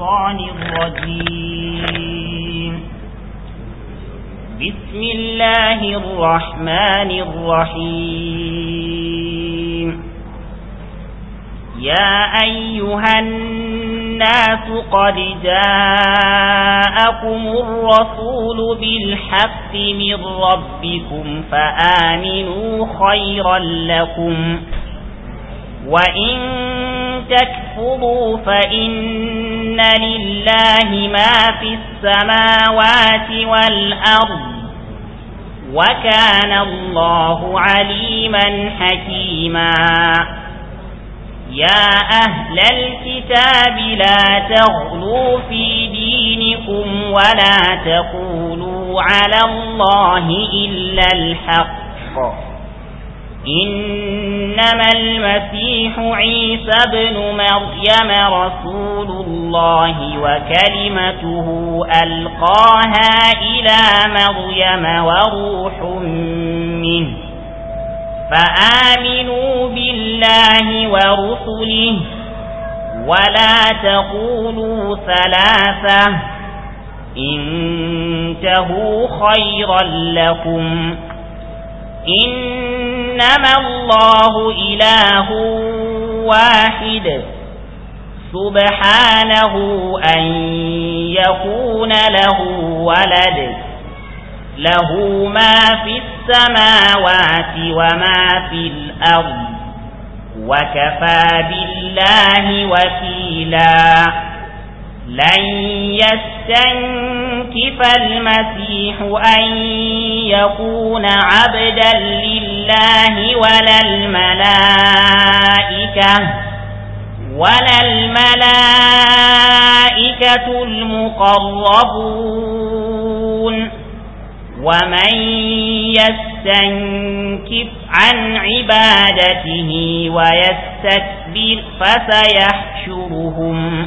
الشيطان الرجيم بسم الله الرحمن الرحيم يا أيها الناس قد جاءكم الرسول بالحق من ربكم فآمنوا خيرا لكم وإن تكفروا فإن لله ما في السماوات والأرض وكان الله عليما حكيما يا أهل الكتاب لا تغلوا في دينكم ولا تقولوا على الله إلا الحق إنما المسيح عيسى بن مريم رسول الله وكلمته ألقاها إلى مريم وروح منه فآمنوا بالله ورسله ولا تقولوا ثلاثة إنتهوا خيرا لكم إنما الله إله واحد سبحانه أن يكون له ولد له ما في السماوات وما في الأرض وكفى بالله وكيلاً لن يستنكف المسيح أن يكون عبدا لله ولا الملائكة ولا الملائكة المقربون ومن يستنكف عن عبادته ويستكبر فسيحشرهم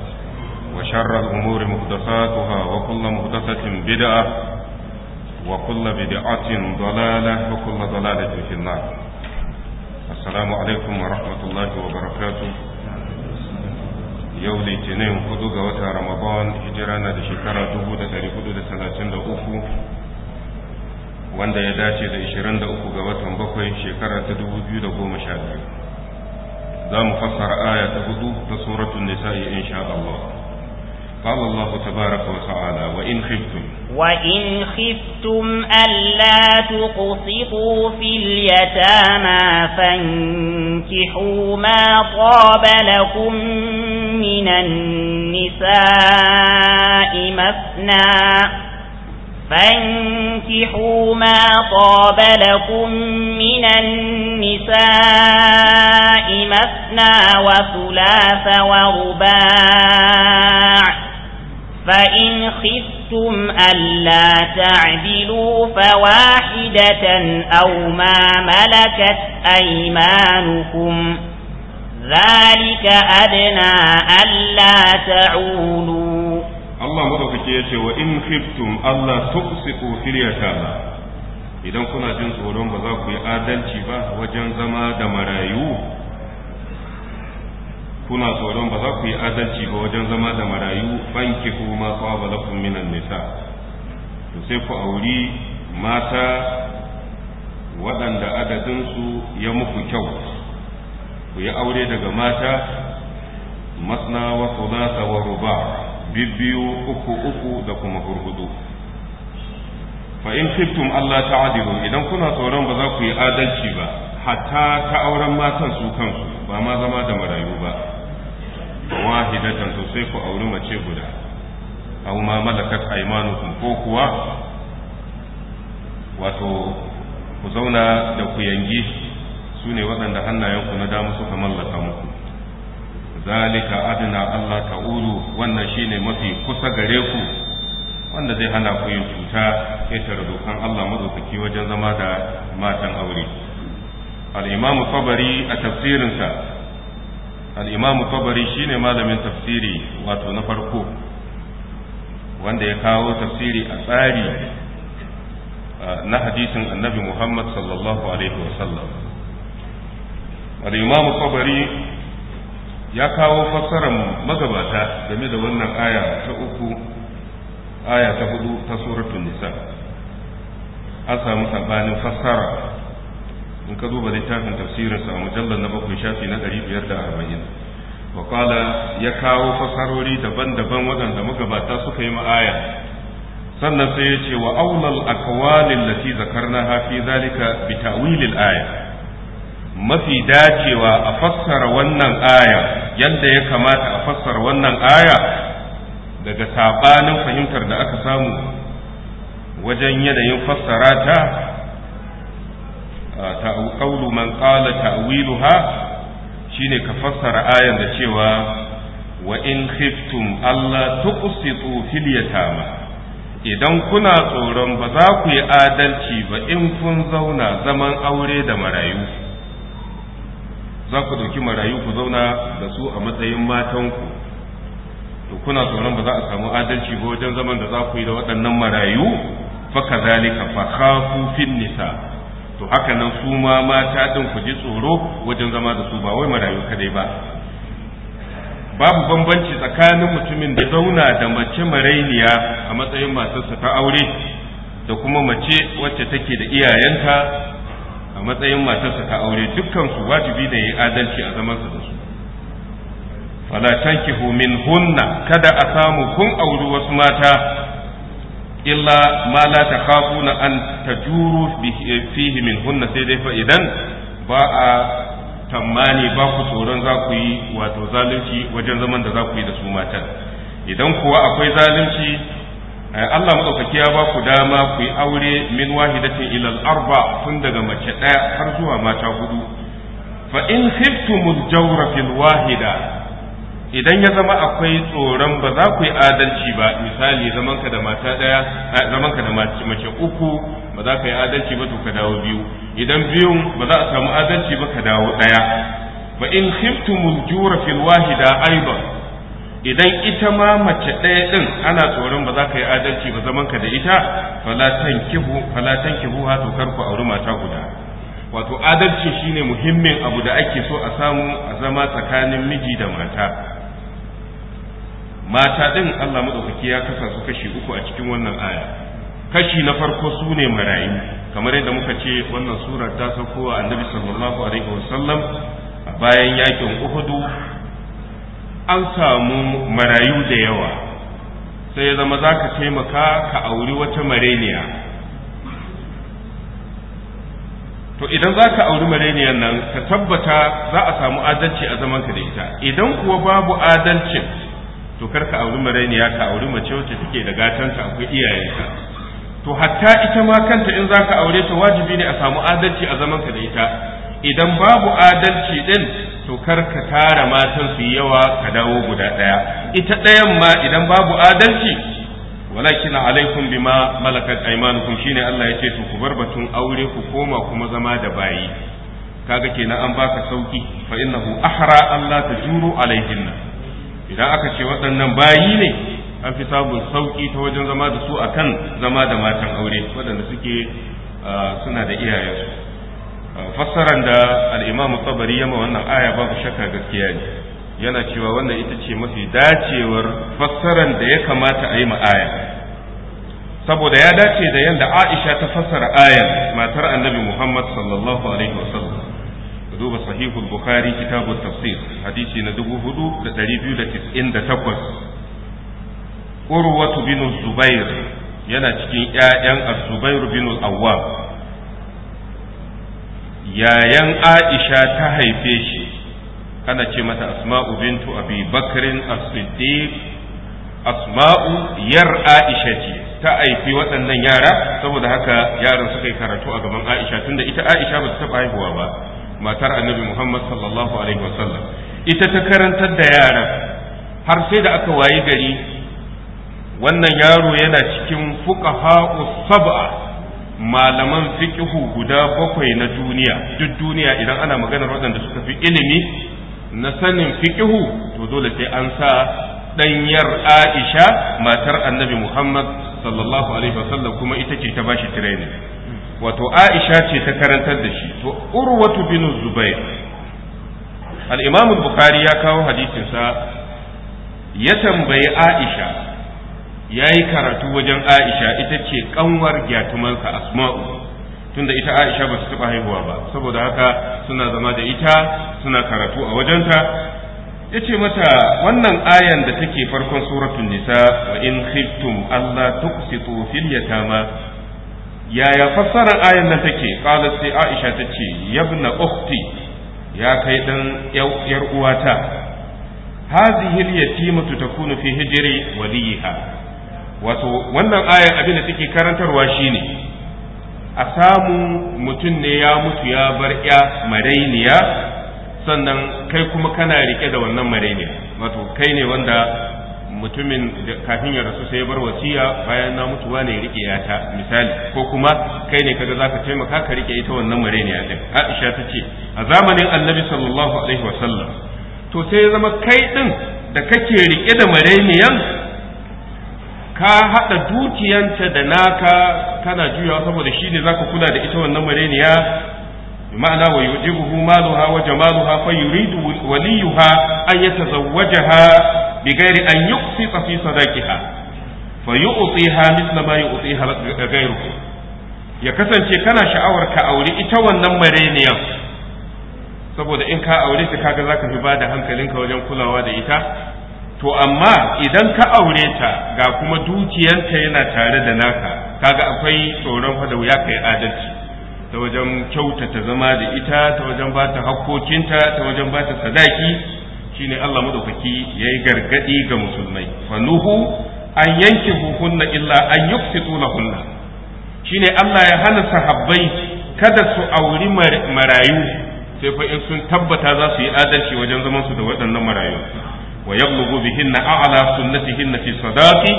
وشر الأمور محدثاتها وكل محدثة بدعة وكل بدعة ضلالة وكل ضلالة في النار السلام عليكم ورحمة الله وبركاته yau litinin hudu ga watan ramadan hijira na da shekara 433 wanda ya dace da 23 ga watan bakwai shekara ta 2012 za mu fassara aya ta hudu ta suratun nisa'i insha Allah قال الله تبارك وتعالى وإن خفتم وإن خفتم ألا تقسطوا في اليتامى فانكحوا ما طاب لكم من النساء مثنى فانكحوا ما طاب لكم من النساء مثنى وثلاث ورباع فإن خفتم ألا تعدلوا فواحدة أو ما ملكت أيمانكم ذلك أدنى ألا تعولوا الله مدفك يتي وإن خفتم ألا تقسطوا في اليتامى إذا كنا جنس ولون بذاك بآدلتي به وجن زما دمرايوه kuna tsoron ba za ku yi adalci ba wajen zama da marayu banki ko ma sawaba lakum minan nisa to sai ku auri mata waɗanda adadinsu ya muku kyau ku yi aure daga mata masna wa thulatha wa ruba bibbiyu uku uku da kuma hurhudu fa in khiftum Allah ta'dilu idan kuna tsoron ba za ku yi adalci ba hatta ta auren matan su kansu ba ma zama da marayu ba wahidatan to sai ku auri mace guda aw ma malakat aymanukum ko kuwa wato ku zauna da ku yangi su ne waɗanda hannayenku na dama suka mallaka muku zalika adna Allah ta'ulu wannan shine mafi kusa gare ku wanda zai hana ku yin cuta ƙetare dokan Allah mazaukaki wajen zama da matan aure al-imam tabari a tafsirinsa al'imamu tabari shine malamin tafsiri wato na farko wanda ya kawo tafsiri a tsari na hadisin annabi muhammad sallallahu alaihi wasallam al'imamu tabari ya kawo fassarar magabata game da wannan aya ta uku aya ta hudu ta suratun nisa an samu sabanin fassara in ka duba littafin tafsirinsa a mujallar na bakwai shafi na ɗari biyar da arba'in wakala ya kawo fasarori daban-daban waɗanda magabata suka yi ma'aya sannan sai ya ce wa aulal akwalin lati zakarna hafi zalika bi ta'wilil aya mafi dacewa a fassara wannan aya yadda ya kamata a fassara wannan aya daga sabanin fahimtar da aka samu wajen yanayin fassara ta qawlu man qala ta'wiluha shine ka fassara ayan da cewa wa in khiftum alla tuqsitu fil yatama idan kuna tsoron ba za ku yi adalci ba in kun zauna zaman aure da marayu za ku ɗauki marayu ku zauna da su a matsayin matanku to kuna tsoron ba za a samu adalci ba wajen zaman da za ku yi da waɗannan marayu fa kazalika fa khafu fin nisa to haka nan su ma mata din ku ji tsoro wajen zama da su ba wai marayu kadai ba babu bambanci tsakanin mutumin da zauna da mace marainiya a matsayin matarsa ta aure da kuma mace wacce take da iyayenta a matsayin matarsa ta aure dukkan su wajibi ne yi adalci a zamansa da su fala tankihu min hunna kada a samu kun auri wasu mata illa ma la takhafuna an tajuru eh, fihi min hunna sai dai fa idan ba a tammani baku tsoron za ku yi wato zalunci wajen zaman da za yi da su matan idan kuwa akwai zalunci eh, Allah madaukaki ya ba dama ku yi aure min wahidatin ilal arba tun daga mace ɗaya har zuwa mata hudu fa in khiftumul jawra fil wahida idan ya zama akwai tsoron ba za ku yi adalci ba misali zamanka da mata daya zamanka da mace uku ba za ka yi adalci ba to ka dawo biyu idan biyun ba za a samu adalci ba ka dawo daya fa in khiftumul jura fil wahida aidan idan ita ma mace ɗaya ɗin ana tsoron ba za ka yi adalci ba zamanka da ita fala tankihu fala tankihu ha to kar ku auri mata guda wato adalci shine muhimmin abu da ake so a samu a zama tsakanin miji da mata mata ɗin Allah madaukaki ya kasa su kashi uku a cikin wannan aya kashi na farko su ne marayu kamar yadda muka ce wannan surar ta sauko a annabi sallallahu alaihi wasallam bayan yakin uhudu an samu marayu da yawa sai ya zama za ka taimaka ka auri wata mareniya to idan za ka auri mareniyan nan ka tabbata za a samu adalci a zamanka da ita idan kuwa babu adalcin to ka auri marainiya ka auri mace wacce take da gatanta akwai iyayenka to hatta ita ma kanta in zaka aure ta wajibi ne a samu adalci a zaman ka da ita idan babu adalci din to ka tara matan su yawa ka dawo guda daya ita ɗayan ma idan babu adalci walakin alaikum bima malakat aymanukum shine Allah ya ce to ku bar batun aure ku koma kuma zama da bayi kaga kenan an baka sauki fa innahu ahra Allah tajuru alaihinna idan aka ce waɗannan bayi ne an fi samun sauƙi ta wajen zama da su akan zama da matan aure waɗanda suke suna da iyayensu fassaran da al'imamu tsabari yama wannan aya babu shakka gaskiya ne yana cewa wannan ita ce mafi dacewar fassaran da ya kamata a yi ma aya saboda ya dace da yadda aisha ta fassara ayan matar annabi muhammad sallallahu alaihi wasallam duba sahihul bukhari kitabun tafsir hadisi na dubu hudu da da da biyu takwas urwatu bin zubair yana cikin ƴaƴan az-zubair bin yayan aisha ta haife shi kana ce mata asma'u bintu abi bakrin as-siddiq asma'u yar aisha ce ta haifi waɗannan yara saboda haka yaran suka yi karatu a gaban aisha tunda ita aisha ba ta taɓa haihuwa ba matar annabi Muhammad sallallahu alaihi wasallam ita ta karantar da yaran har sai da aka wayi gari wannan yaro yana cikin fuqaha'u sab'a malaman fiƙihu guda bakwai na duniya duk duniya idan ana maganar waɗanda suka fi ilimi na sanin fiqhu to dole sai an sa ɗanyar Aisha matar annabi Muhammad sallallahu alaihi wasallam kuma ita ce ta bashi training wato aisha ce ta karantar da shi to urwatu bin zubair al-imam bukhari ya kawo hadisin sa ya tambayi aisha yayi karatu wajen aisha ita ce kanwar gyatumansa asma'u tunda ita aisha ba su taɓa haihuwa ba saboda haka suna zama da ita suna karatu a wajenta ya ce mata wannan ayan da take farkon suratun nisa wa in khiftum allah tuqsitu fil yatama yaya fassarar ayan nan take qala sai aisha ta ce yabna ukhti ya kai dan yar uwata hadhihi al-yatimatu takunu fi hijri waliha wato wannan ayan abin da take karantarwa shine a samu mutum ne ya mutu ya bar ya marainiya sannan kai kuma kana rike da wannan marainiya wato kai ne wanda mutumin da kafin ya rasu sai ya bar wasiya bayan na mutuwa ne ya ta misali ko kuma kai ne kaga zaka taimaka ka rike ita wannan mareniya din Aisha ta ce a zamanin Annabi sallallahu alaihi wasallam to sai ya zama kai din da kake rike da mareniyan ka hada dukiyanta da naka kana juyawa saboda shine zaka kula da ita wannan mareniya ma'ana wa yujibuhu maluha wa jamaluha fa yuridu waliyuha an yatazawwajaha بغير أن يقسط في صداقها فيؤطيها مثل ما يؤطيها غيره ya kasance kana sha'awar ka aure ita wannan mareniyar saboda in ka aure ta kaga zaka fi bada hankalinka wajen kulawa da ita to amma idan ka aure ta ga kuma dukiyanta yana tare da naka kaga akwai tsoron fa da wuya kai adalci ta wajen kyautata zama da ita ta wajen ba ta hakkokinta ta wajen ba ta sadaki shine Allah madaukaki yayi gargadi ga musulmai fanuhu an yanki hunna illa an yuksitu lahunna shine Allah ya hana sahabbai kada su auri marayu sai fa in sun tabbata za su yi adalci wajen zaman su da waɗannan marayu wa yablugu bihinna a'la sunnatihinna fi sadaqi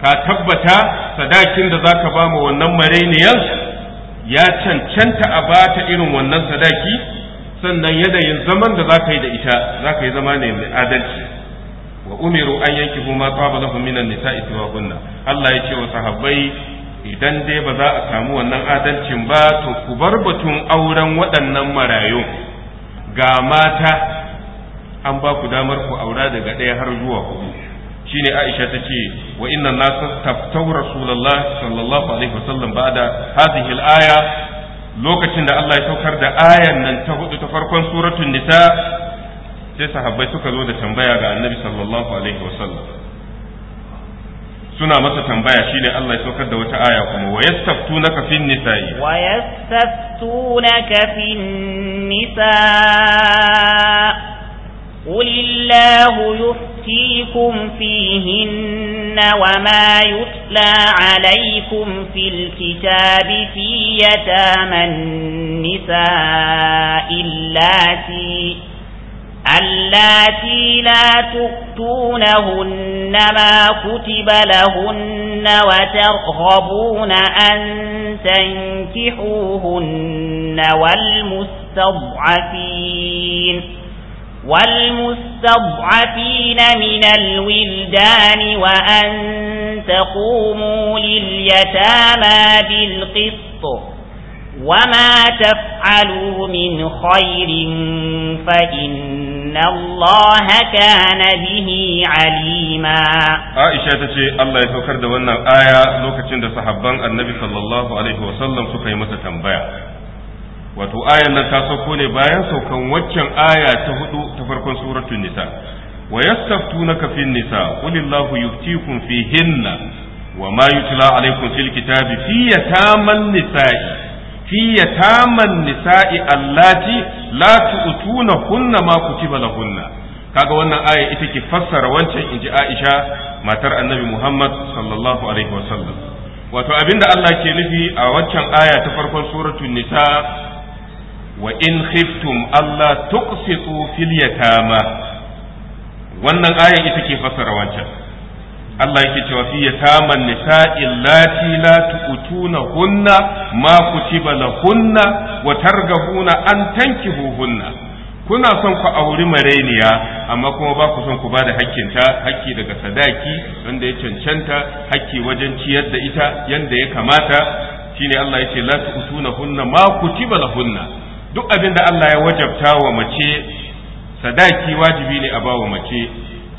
ka tabbata sadakin da zaka ba mu wannan marainiyan ya cancanta a bata irin wannan sadaki sannan yanayin zaman da za ka yi da ita za ka yi zama ne mai adalci wa umiru an yanki ma tsaba lahu minan nisa'i siwahunna Allah ya ce wa sahabbai idan dai ba za a samu wannan adalcin ba to ku bar batun auren waɗannan marayu ga mata an ba ku damar ku aura daga ɗaya har zuwa hudu shine Aisha ta ce wa inna nasu taftau rasulullahi sallallahu alaihi wasallam ba'da hadhihi al-aya lokacin da Allah ya saukar da ayan nan ta hudu ta farkon suratul nisa sai sahabbai suka zo da tambaya ga annabi sallallahu alaihi wasallam suna masa tambaya shine Allah ya saukar da wata aya kuma wa yastaftunaka fi nisa wa yastaftunaka fi nisa' قل الله يفتيكم فيهن وما يتلى عليكم في الكتاب في يتامى النساء اللاتي اللاتي لا تؤتونهن ما كتب لهن وترغبون أن تنكحوهن والمستضعفين والمستضعفين من الولدان وأن تقوموا لليتامى بالقسط وما تفعلوا من خير فإن الله كان به عليما عائشة تشي الله يذكر دوانا آية لوكتين دا صحبان النبي صلى الله عليه وسلم سكيمة تنبيه wato ayan nan ta sauko ne bayan saukan waccan aya ta hudu ta farkon suratul nisa wa yastaftunaka fin nisa qulillahu yuftikum fihinna wa ma yutla alaykum fil kitabi fi yataman nisa'i fi yataman nisa'i allati la kunna ma kutiba lahunna kaga wannan aya ita ke fassara wancan inji Aisha matar Annabi Muhammad sallallahu alaihi wasallam wato abinda Allah ke nufi a waccan aya ta farkon suratul nisa wa in khiftum Allah tuqsitu fil yatama wannan ayan ita ke fassara wancan Allah yake cewa fi yataman nisa'i lati la tu'tuna hunna ma kutiba lahunna wa targabuna an hunna kuna son ku auri mareniya amma kuma ba ku son ku bada hakkinta hakki daga sadaki wanda ya cancanta hakki wajen ciyar da ita yanda ya kamata shine Allah yace la tu'tuna hunna ma kutiba lahunna duk abin da Allah ya wajabta wa mace sadaki wajibi ne a ba wa mace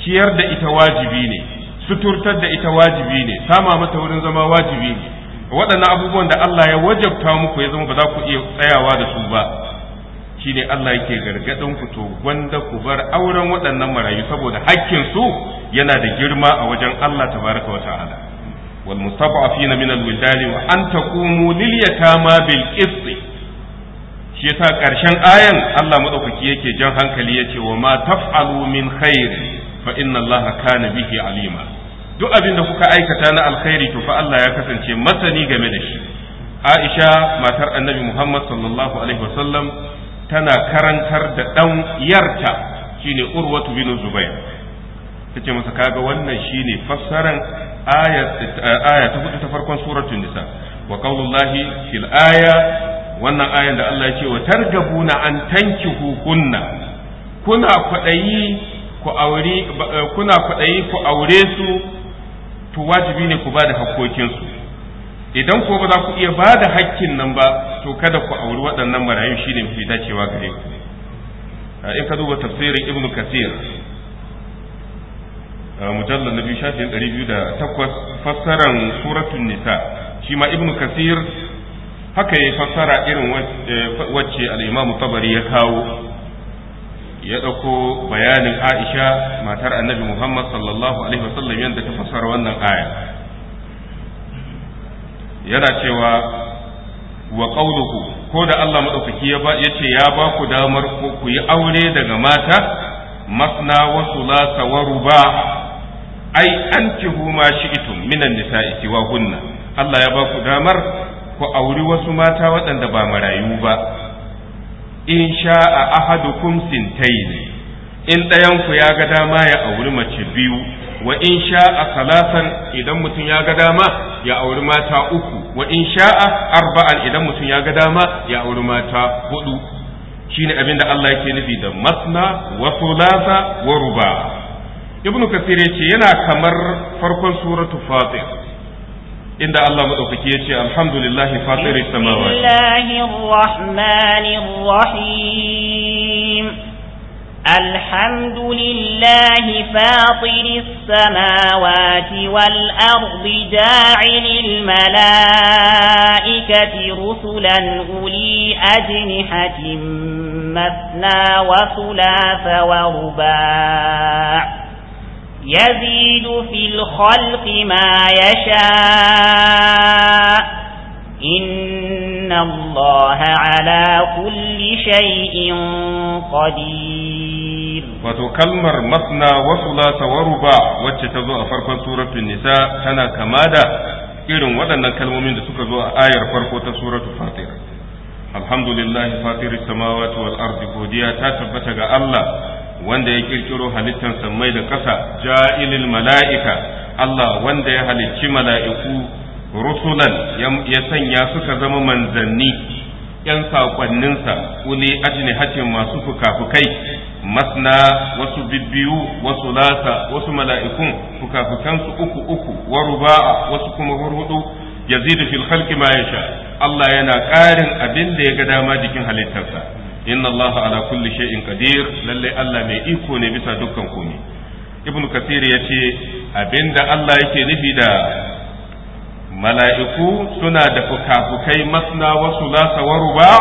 ciyar da ita wajibi ne suturtar da ita wajibi ne sama mata wurin zama wajibi ne waɗannan abubuwan da Allah ya wajabta muku ya zama ba za ku iya tsayawa da su ba shine Allah yake gargaɗin ku to gwanda ku bar auren waɗannan marayu saboda hakkin su yana da girma a wajen Allah tabaraka wa ta'ala wal mustad'afina min al-wildani wa an taqumu lil yatama bil qisti shi yasa ƙarshen ayan Allah maɗaukaki yake jan hankali yace wa ma taf'alu min khair fa inna Allah kana bihi alima duk abin da kuka aikata na alkhairi to fa Allah ya kasance masani game da shi Aisha matar Annabi Muhammad sallallahu alaihi wasallam tana karantar da dan yarta shine Urwatu bin Zubair tace masa kaga wannan shine fassaran aya ta ta farkon suratul nisa wa qaulullahi fil aya wannan ayan da Allah ya ce wa targabuna an tanki kunna kuna kwaɗayi ku aure kuna kwaɗayi ku aure su to wajibi ne ku ba da hakkokinsu idan ko ba za ku iya ba da hakkin nan ba to kada ku auri waɗannan marayun shine fi dacewa gare ku eh, in ka duba tafsirin ibnu kasir eh, mujallar na biyu shafin ɗari biyu da takwas fassaran suratun nisa shi ma ibnu kasir haka ya fassara irin eh, wacce al'imamu tabari ya kawo ya ɗauko bayanin aisha matar annabi muhammad sallallahu alaihi wasallam yadda ta fassara wannan aya yana cewa wa ƙauluhu ko da allah maɗaukaki ya ce ya ba ku damar ku yi aure daga mata masna wasu lasa wa ruba ai an ma shi'itum minan nisa'i siwa hunna allah ya ba ku damar ku auri wasu mata waɗanda ba marayu ba in sha'a ahadukum sintaini in ɗayanku ya ga dama ya auri mace biyu wa in sha'a salasan idan mutum ya ga dama ya auri mata uku wa in sha'a arba'an idan mutum ya ga dama ya auri mata hudu shine abin da Allah yake nufi da masna wa thulatha wa ruba ibnu kasir yace yana kamar farkon suratul fatiha inda Allah madaukaki yace alhamdulillahi fatiri samawati billahi rahmanir rahim alhamdulillahi fatiri الحمد لله فاطر السماوات malaikati rusulan uli رسلا masna wa مثنى wa ruba' يزيد في الخلق ما يشاء إن الله على كل شيء قدير وتكلمر مثنى وصلاة وربا واتتزوء فرق سورة النساء تنا كمادا إذن ودن الكلم من تكزوء آية فرق سورة فاطرة الحمد لله فاطر السماوات والأرض فوديا تتبتك الله wanda ya kirkiro halittar sammai da ƙasa ja'ilil mala'ika Allah wanda ya halicci mala'iku rusulan ya sanya suka zama manzanni ‘yan saƙonninsa uli hacin masu fukafukai masna wasu bibbiyu wasu lasa wasu mala'ikun fukafukansu uku uku wa wasu kuma hurhudu yazidu fil khalqi ma yasha Allah yana ƙarin abin da ya ga dama jikin halittarsa inna allaha ala kulli shay'in qadir lalle Allah mai iko ne bisa dukkan komai ibnu kasir yace abinda Allah yake nufi da mala'iku suna da fukafukai masna wa sulasa wa ruba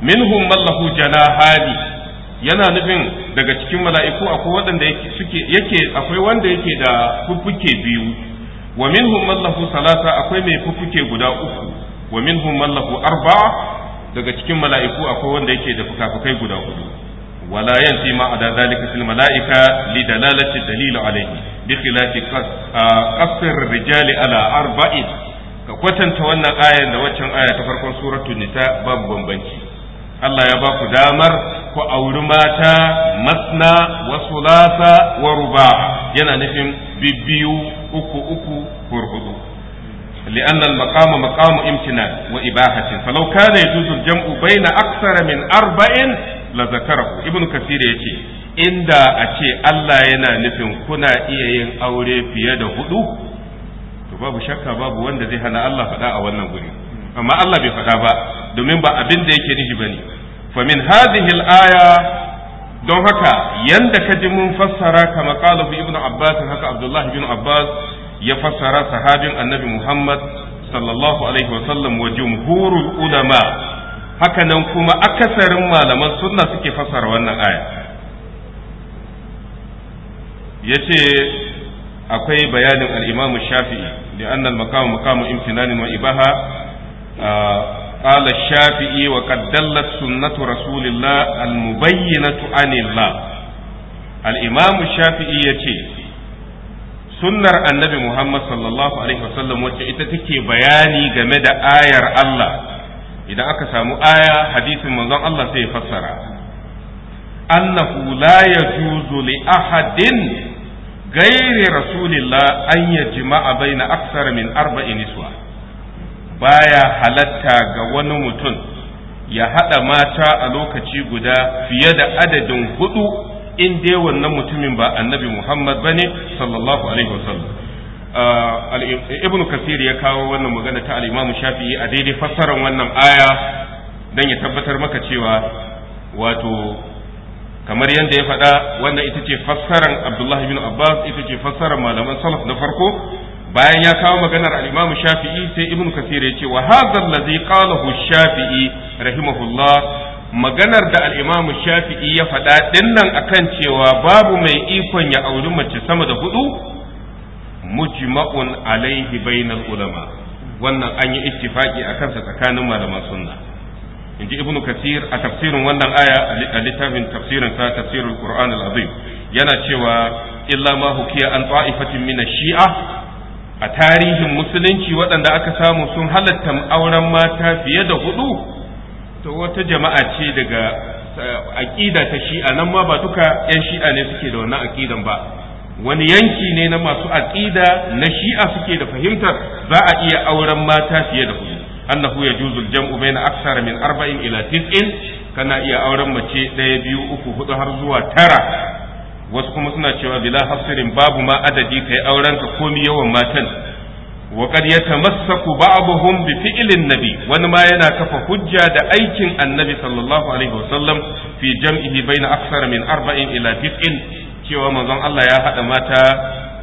minhum man janahani yana nufin daga cikin mala'iku akwai wanda yake suke yake akwai wanda yake da fuffuke biyu wa minhum man lahu salasa akwai mai fuffuke guda uku wa minhum man arba'a daga cikin mala'iku akwai wanda yake da fukafukai guda hudu wala yanti ma ada zalika fil mala'ika li dalalati dalil alayhi bi khilafi qasr rijali ala arba'in ka kwatanta wannan ayar da waccan aya ta farkon suratu nisa babu bambanci Allah ya ba ku damar ku auri mata masna wa sulasa wa ruba yana nufin bibbiyu uku uku لأن المقام مقام امتنان وإباحة فلو كان يجوز الجمع بين arba'in من أربع لذكره ابن كثير يتي inda a ce Allah yana nufin kuna iya yin aure fiye da huɗu, to babu shakka babu wanda zai hana Allah faɗa a wannan guri amma Allah bai faɗa ba domin ba abin da yake nishi bane ne. min hadhihi al-aya don haka yanda ka ji mun fassara kama qala ibnu abbas haka abdullahi ibn abbas ya fassara sahabin annabi Muhammad sallallahu alaihi wasallam wa jumhurul ulama hakanan kuma akasarin malaman sunna suke fassara wannan aya yace akwai bayanin al-Imam Shafi'i da annal maqam maqam imtinanin wa ibaha قال الشافعي وقد دلت سنة رسول الله المبينة عن الله الإمام الشافعي يتي sunnar annabi Muhammad sallallahu alaihi wasallam wacce ita take bayani game da ayar Allah idan aka samu aya hadisin manzon Allah sai ya fassara annahu la juzuli li ahadin gairi rasulillah an jima'a baina aksara min arba'in niswa baya halatta ga wani mutum ya haɗa mata a lokaci guda fiye da adadin hudu in dai wannan mutumin ba annabi Muhammad bane sallallahu alaihi wasallam ah, ibn kasir ya kawo wannan magana ta al-imam shafi'i a daidai fassaran wannan aya dan ya tabbatar maka cewa wato kamar yadda ya faɗa wannan ita ce fassaran abdullahi bin abbas ita ce fassarar malaman salaf na farko bayan ya kawo maganar al-imam shafi'i sai ibn kasir ya ce wa hadha allazi qalahu shafi'i rahimahullah maganar da al'imamu shafi'i ya faɗa ɗinnan akan cewa babu mai ikon ya auri mace sama da hudu mujma'un alaihi bainal ulama wannan an yi ittifaki a kansa tsakanin malaman sunna in ji ibnu kasir a tafsirin wannan aya a littafin tafsirin sa qur'an al-azim yana cewa illa ma hukiya an ta'ifatin min shia a tarihin musulunci waɗanda aka samu sun halatta auren mata fiye da hudu to wata jama'a ce daga eh, aƙida ta shi'a nan ma ba duka 'yan shi'a ne suke da wannan aƙidan ba wani yanki ne na masu aƙida na shi'a suke da fahimtar za a iya auren mata fiye da hudu annahu yajuzu al-jam'u bayna aksara min arba'in ila tis'in kana iya auren mace ɗaya biyu uku hudu har zuwa tara wasu kuma suna cewa bila hafsirin babu ma adadi kai auren ka komi yawan matan wa qad yatamassaku ba'dhum bi fi'lin nabi wani ma yana kafa hujja da aikin annabi sallallahu alaihi wasallam fi jam'ihi baina aksara min arba'in ila tis'in cewa manzon Allah ya haɗa mata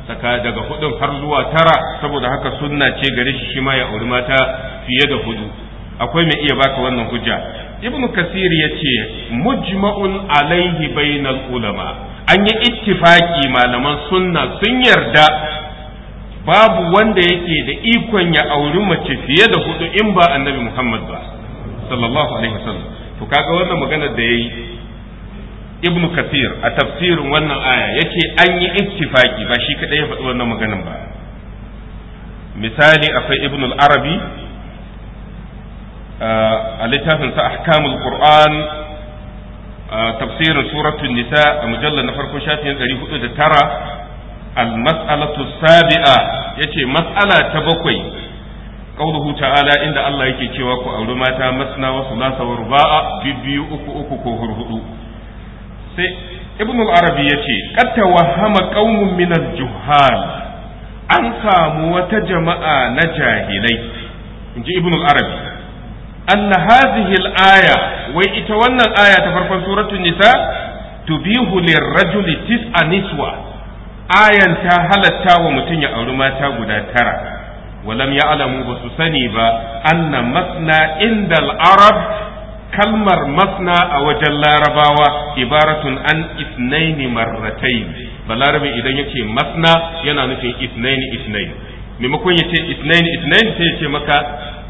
saka daga hudun har zuwa tara saboda haka sunna ce gare shi shi ma ya auri mata fiye da huɗu akwai mai iya baka wannan hujja ibnu kasir ce mujma'un alaihi bainal ulama an yi ittifaki malaman sunna sun yarda babu wanda yake da ikon ya auri mace fiye da hudu in ba annabi Muhammad ba sallallahu alaihi wasallam to kaga wannan magana da yayi ibnu kathir a tafsirin wannan aya yace an yi ittifaki ba shi kadai ya faɗi wannan maganan ba misali akwai ibnu arabi a littafin sa ahkamul qur'an tafsirin suratul nisa a mujallal na farko shafin 409 al-mas'alatu sabi'a yace mas'ala ta bakwai qauluhu ta'ala inda Allah yake cewa ku auri mata masna wa sulasa wa ruba'a uku uku ko hurhudu sai ibn arabi yace qad tawahhama qaumun min al-juhal an samu wata jama'a na jahilai inji ibn arabi Annahazihil aya wai ita wannan aya ta farkon suratul nisa tubihu lirrajuli a niswa ayan ta halatta wa mutum ya auri mata guda tara walam ya alamu ba su sani ba anna masna inda arab kalmar masna a wajen larabawa ibaratun an isnaini marratai balarabi idan yake masna yana nufin isnaini isnaini maimakon ya ce isnaini isnaini sai ya ce maka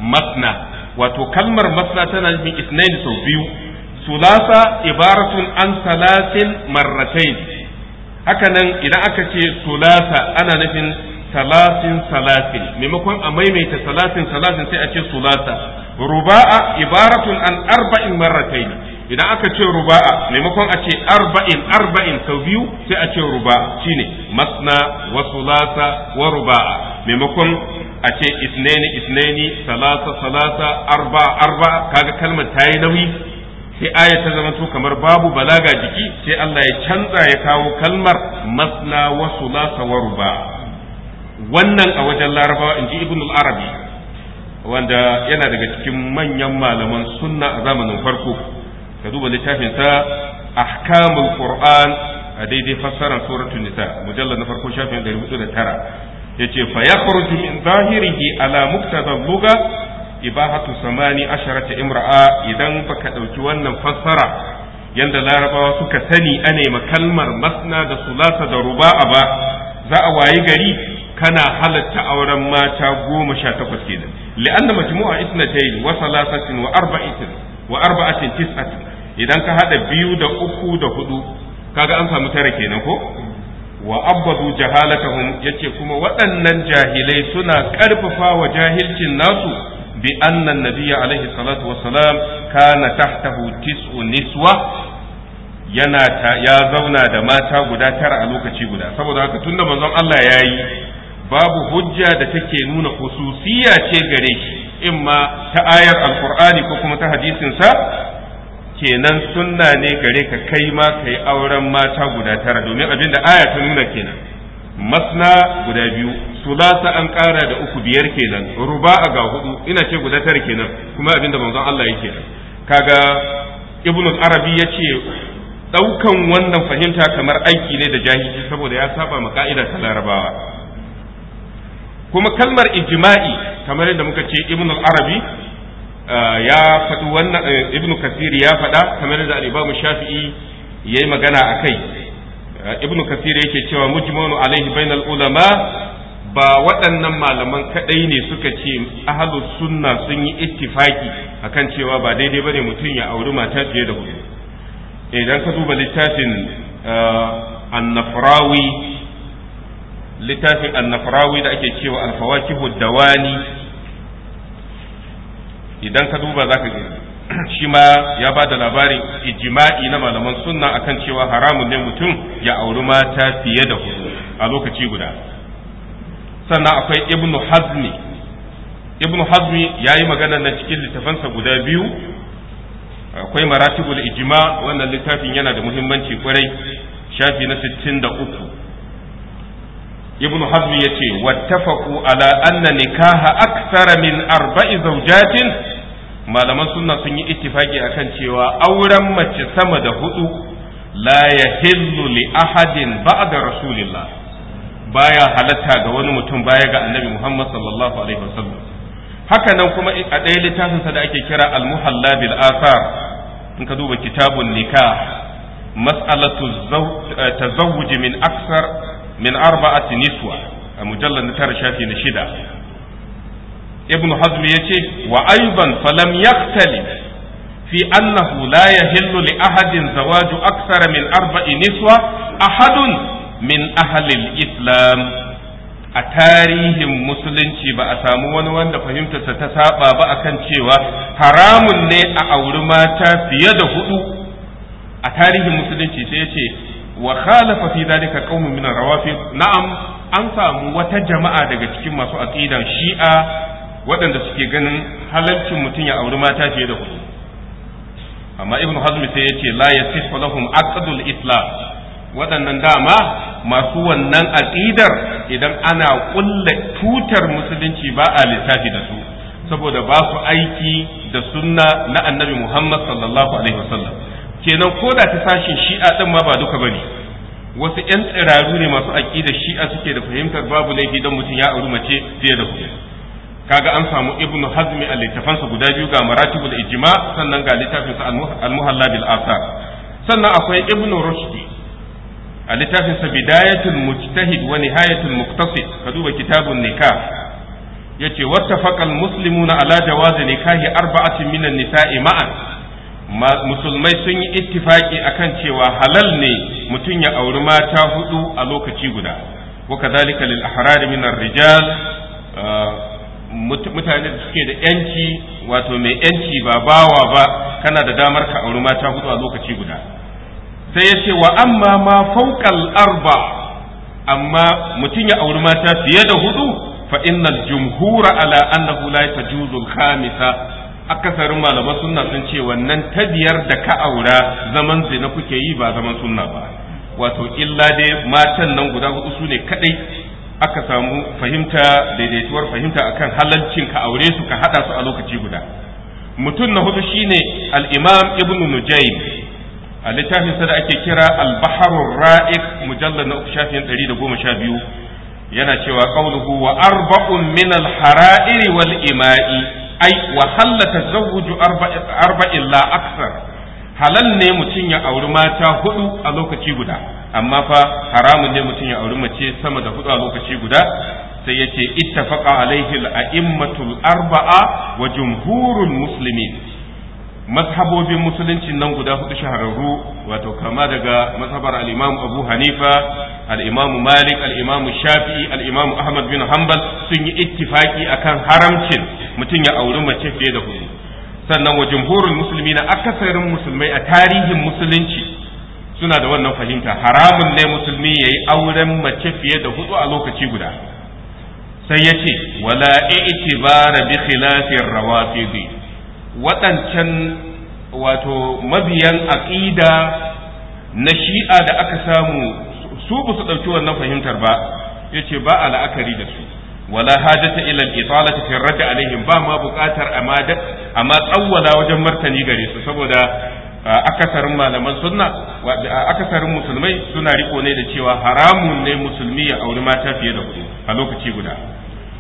masna wato kalmar masna tana nufin isnaini sau biyu sulasa ibaratun an salasin marratai hakanan idan aka ce sulasa ana nufin salasin salasin maimakon a maimaita salasin salasin sai a ce sulasa ruba'a ibaratun an arba'in marratai idan aka ce ruba'a maimakon a ce arba'in arba'in sau biyu sai a ce ruba'a shine masna wa sulasa wa ruba'a maimakon a ce isnaini isnaini salasa salasa arba arba kaga kalmar tayi nauyi sai aya ta zamanto kamar babu balaga jiki sai Allah ya canza ya kawo kalmar masna wa sulasa wa ruba wannan a wajen larabawa inji ibn arabi wanda yana daga cikin manyan malaman sunna a zamanin farko ka duba littafin sa ahkamul qur'an a daidai fassarar suratul nisa mujallar na farko shafin 409 yace fa yakhruju min zahirihi ala muktazal lugha ibahatu samani asharata imra'a idan baka ɗauki wannan fassara yanda larabawa suka sani ane kalmar masna da sulasa da ruba'a ba za a wayi gari kana halatta auren mata goma sha takwas kenan li'anna majmu'a isnatayn wa salasatin wa arba'atin wa arba'atin tis'atin idan ka hada biyu da uku da hudu kaga an samu tara kenan ko wa abbadu jahalatahum yace kuma waɗannan jahilai suna ƙarfafa wa jahilcin nasu bi anna nabiyya alaihi salatu wassalam kana tahtahu tis'u niswa yana ta ya zauna da mata guda tara a lokaci guda saboda haka tunda manzon Allah yayi babu hujja da take nuna hususiya ce gare shi imma ta ayar alqur'ani ko kuma ta hadisin sa kenan sunna ne gare ka kai ma kai auren mata guda tara domin abinda aya ta nuna kenan masna guda biyu sulasa an kara da uku biyar kenan ruba a ga hudu ina ce guda tara kenan kuma abinda manzon Allah yake kaga ibn arabi ya ce ɗaukan wannan fahimta kamar aiki ne da jahilci saboda ya saba ma ka'ida ta larabawa kuma kalmar ijma'i kamar yadda muka ce ibn arabi uh, ya faɗi wannan uh, ibn kasir ya faɗa kamar yadda al-imam shafi'i yayi magana akai ibn kasir yake cewa mujmanu alaihi bainal ulama ba waɗannan malaman kaɗai ne suka ce ahalu sunna sun yi ittifaki akan cewa ba daidai bane mutum ya auri mata fiye da hudu idan ka duba littafin uh, annafrawi littafin annafrawi da ake cewa alfawakihu dawani idan ka duba zaka gani shi ma ya ba da labarin ijma'i na malaman sunna akan cewa haramun ne mutum ya auri mata fiye da hudu a lokaci guda sannan akwai ibnu hazmi ibnu hazmi ya yi magana na cikin littafansa guda biyu akwai maratibul ijma wannan littafin yana da muhimmanci kwarai shafi na 63 ibnu hazmi ya ce wattafaku ala anna nikaha aksara min arba'i zawjatin malaman sunna sun yi ittifaki akan cewa auren mace sama da hudu la ya li ahadin ba'da rasulillah baya halatta ga wani mutum baya ga annabi Muhammad sallallahu alaihi wasallam haka nan kuma a ɗaya littafinsa da ake kira al-muhalla bil asar in ka duba kitabun nikah mas'alatu eh, tazawwuj min aksar min arba'ati niswa a mujallal na tara shafi na shida ibnu ya ce wa aidan falam yaktali fi annahu la yahillu li ahadin zawaju aksara min arba'i niswa ahadun min ahli islam a tarihin musulunci ba a samu wani wanda fahimtarsa ta saba ba akan cewa haramun ne a auri mata fiye da hudu a tarihin musulunci sai ya ce wa khalafa fi dalika qaumun min rawafi na'am an samu wata jama'a daga cikin masu aqidan shi'a waɗanda suke ganin halalcin mutum ya auri mata fiye da kudu amma Ibn hazmi sai ya ce la ya yasihu lahum aqdul islam waɗannan dama masu wannan aqidar idan ana ƙulla tutar musulunci ba a littafi da su saboda ba su aiki da sunna na annabi muhammad sallallahu alaihi wasallam kenan ko da ta sashin shi'a din ma ba duka bane wasu yan tsiraru ne masu aƙidar shi'a suke da fahimtar babu laifi don mutum ya auri mace fiye da kudu kaga an samu ibnu hazmi a littafansa guda biyu ga maratibul ijma sannan ga littafinsa al-muhalla bil sannan akwai ibnu rushdi a littafinsa bidayatul mujtahid wa nihayatul muqtasid ka duba kitabun nikah yace wattafaqa al-muslimuna ala jawazi nikahi arba'atin min an-nisa'i ma'an musulmai sun yi ittifaki akan cewa halal ne mutum ya auri mata hudu a lokaci guda wa kadhalika lil ahrari min ar-rijal ah, mutane da suke da yanci wato mai yanci ba bawa ba kana da damar ka auri mata hudu a lokaci guda sai ya ce wa amma ma fawqal arba amma mutum ya auri mata fiye da hudu fa innal jumhura ala annahu la tajuzu al khamisa akasarin malaman sunna sun ce wannan ta biyar da ka aura zaman zina kuke yi ba zaman sunna ba wato illa dai matan nan guda hudu su ne kadai aka samu fahimta daidaituwar fahimta akan halalcin ka aure su ka hada su a lokaci guda mutum na hudu shine al-imam ibnu nujaym a littafin sa da ake kira al-baharur ra'iq mujallad na shafin 112 yana cewa qawluhu wa arba'un min al-hara'iri wal ima'i ay wa halla tazawwuju arba'in la akthar halal ne mutum ya auri mata hudu a lokaci guda amma fa haramun ne mutum ya auri mace sama da hudu a lokaci guda sai ya ce ittafaqa alaihi al-a'immatul arba'a wa jumhurul muslimin mazhabobin musulunci nan guda hudu shahararru wato kama daga mazhabar al-imam Abu Hanifa al-imam Malik al-imam Shafi'i al-imam Ahmad bin Hanbal sun yi ittifaqi akan haramcin mutum ya auri mace fiye da hudu sannan wa jumhurul musulmi na akasarin musulmai a tarihin musulunci suna da wannan fahimta haramun ne musulmi ya yi auren mace fiye da hudu a lokaci guda sai ya ce wala i'tibara bi khilafin rawafidi waɗancan wato mabiyan aqida na shi'a da aka samu su ba su ɗauki wannan fahimtar ba yace ba a la'akari da su wala hajata ila al-italati fi radd alaihim ba ma buƙatar amma tsawwala wajen martani gare su saboda akasarin malaman sunna akasarin musulmai suna riko ne da cewa haramun ne musulmi ya auri mata fiye da hudu a lokaci guda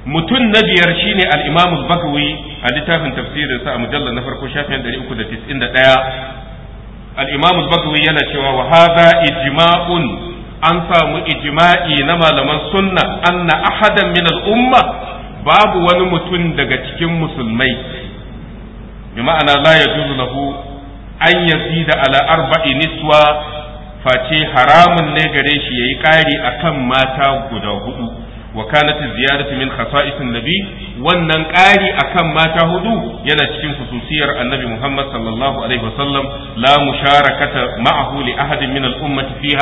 mutum na biyar shine al-imam al-bakawi a littafin tafsirinsa a mujallar na farko shafin 391 al-imam al-bakawi yana cewa wahaza hadha ijma'un an samu ijma'i na malaman sunna anna ahadan min al'umma babu wani mutum daga cikin musulmai bi ma'ana la yajuzu lahu an yazida ala arba'i niswa face haramun ne gare shi yayi kari akan mata guda hudu wa kanat ziyaratu min khasa'isin nabi wannan ƙari kan mata hudu yana cikin khususiyar annabi Muhammad sallallahu alaihi la musharakata ma'ahu li ahadin min al-ummati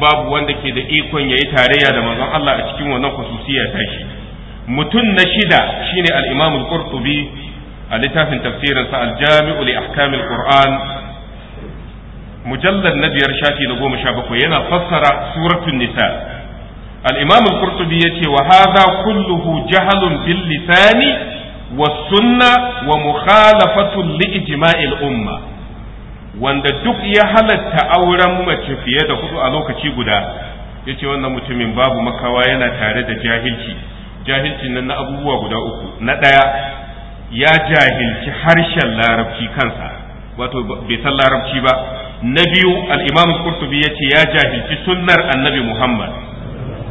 babu wanda ke da ikon yayi tarayya da manzon Allah a cikin wannan khususiyar tashi mutun na shida shine al-Imam al a littafin tafsirin sa al-Jami'u li quran mujallad na biyar shafi na goma sha bakwai yana fassara suratun nisa al-imam al-qurtubi yace wa kulluhu jahlun bil lisani wa sunna wa mukhalafatu li ijma'il umma wanda duk ya halatta auren mace fiye da hudu a lokaci guda yace wannan mutumin babu makawa yana tare da jahilci jahilcin nan na abubuwa guda uku na daya ya jahilci harshen larabci kansa wato bai san larabci ba na biyu al kurtubi qurtubi yace ya jahilci sunnar annabi muhammad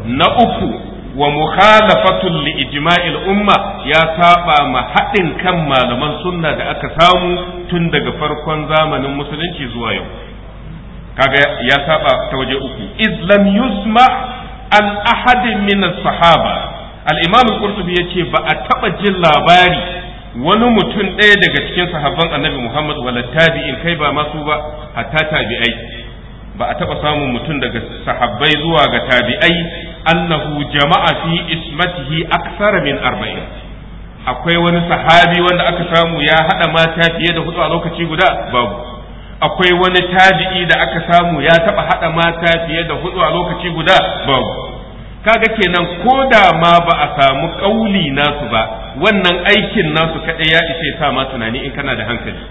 na uku wa mukhalafatul li ijma'il umma ya saba ma haɗin kan malaman sunna da aka samu tun daga farkon zamanin musulunci zuwa yau kaga ya saba ta waje uku iz lam yusma an ahadin min sahaba al-imam al-qurtubi yace ba a taba jin labari wani mutum ɗaya daga cikin sahabban annabi muhammad wala tabi'in kai ba masu ba hatta tabi'ai ba a taba samun mutum daga sahabbai zuwa ga tabi'ai annahu jama'a fi اسمته aksara min arba'in akwai wani sahabi wanda aka samu ya hada mata fiye da hudu a lokaci akwai wani tabi'i da aka samu ya taba hada mata fiye da hudu a lokaci guda babu kaga kenan ko da ma ba a samu kauli nasu ba wannan aikin nasu kadai ya ishe sa ma tunani in kana da hankali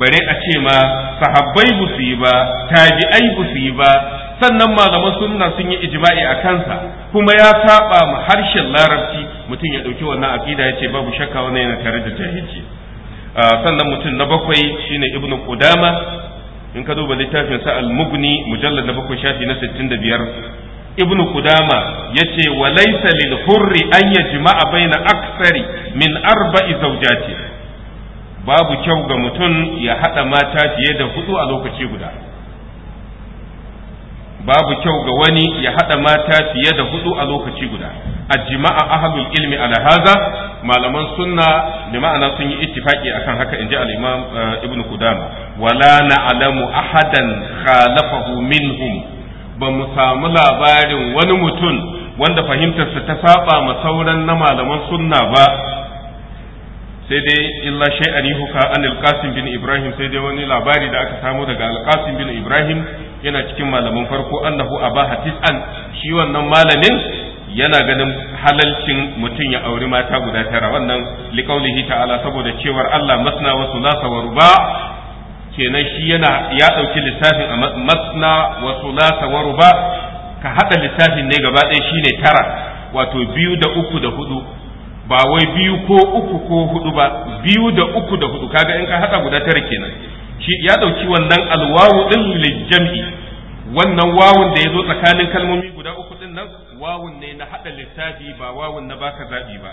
bare a ce ma sahabbai busiba yi ba tabi'ai busiba yi ba sannan malaman sunna sun yi ijma'i a kansa kuma ya saba ma harshen larabci mutum ya ɗauki wannan aqida yace babu shakka wannan yana tare da jahilci sannan mutum na bakwai shine ibnu qudama in ka duba littafin sa al-mughni mujallad na bakwai shafi na 65 ibnu qudama yace wa laysa lil hurri an yajma'a baina aksari min arba'i zawjati babu kyau ga mutum ya hada mata fiye da hudu a lokaci guda babu kyau ga wani ya haɗa mata fiye da hudu a lokaci guda a jima'a ahlul ilmi ala haza malaman sunna da ma'ana sun yi ittifaqi akan haka inji al-imam eh, ibnu qudama wala na'lamu ahadan khalafahu minhum ba mu samu labarin wani mutum wanda fahimtarsa ta saba ma sauran na malaman sunna ba sai dai illa shay'an yuhka an al-qasim bin ibrahim sai dai wani labari da aka samu daga al-qasim bin ibrahim yana cikin malamin farko annahu abaha tis'an shi wannan malamin yana ganin halalcin mutum ya auri mata guda tara wannan liqaulihi ta'ala saboda cewar Allah masna wa sulasa wa ruba kenan shi yana ya dauki lissafin a masna wa sulasa wa ruba ka hada lissafin ne gaba ɗaya shine tara wato biyu da uku da hudu ba wai biyu ko uku ko hudu ba biyu da uku da hudu kaga in ka hada guda tara kenan shi ya ɗauki wannan alwawu din lijam'i wannan wawun da ya zo tsakanin kalmomi guda uku ɗin nan wawun ne na haɗa littafi ba wawun na baka zabi ba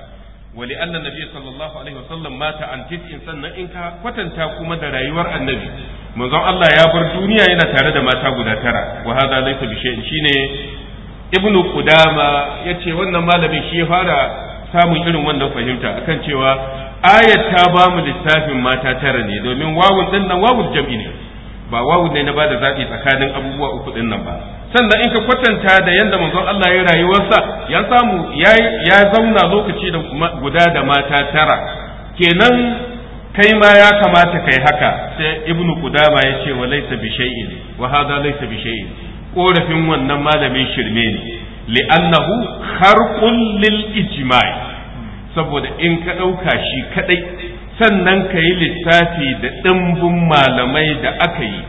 wali annan nabi sallallahu alaihi wasallam mata an tis'in sannan in ka kwatanta kuma da rayuwar annabi manzon Allah ya bar duniya yana tare da mata guda tara wa hadha laysa bi shay'in shine ibnu qudama yace wannan malamin shi ya fara samun irin wannan fahimta akan cewa ayat ta ba mu lissafin mata tara ne domin wawun din nan wawun jam'i ne ba wawun ne na ba da zaɓi tsakanin abubuwa uku din nan ba sannan in ka kwatanta da yadda manzon Allah ya rayuwarsa ya samu ya zauna lokaci da guda da mata tara kenan kai ma ya kamata kai haka sai ibnu Kudama ya ce wa laysa bi shay'in wa hadha laysa bi shay'in korafin wannan malamin shirme ne li'annahu harqun lil ijma'i saboda in ka ɗauka shi kaɗai sannan ka yi lissafi da ɗimbin malamai da aka yi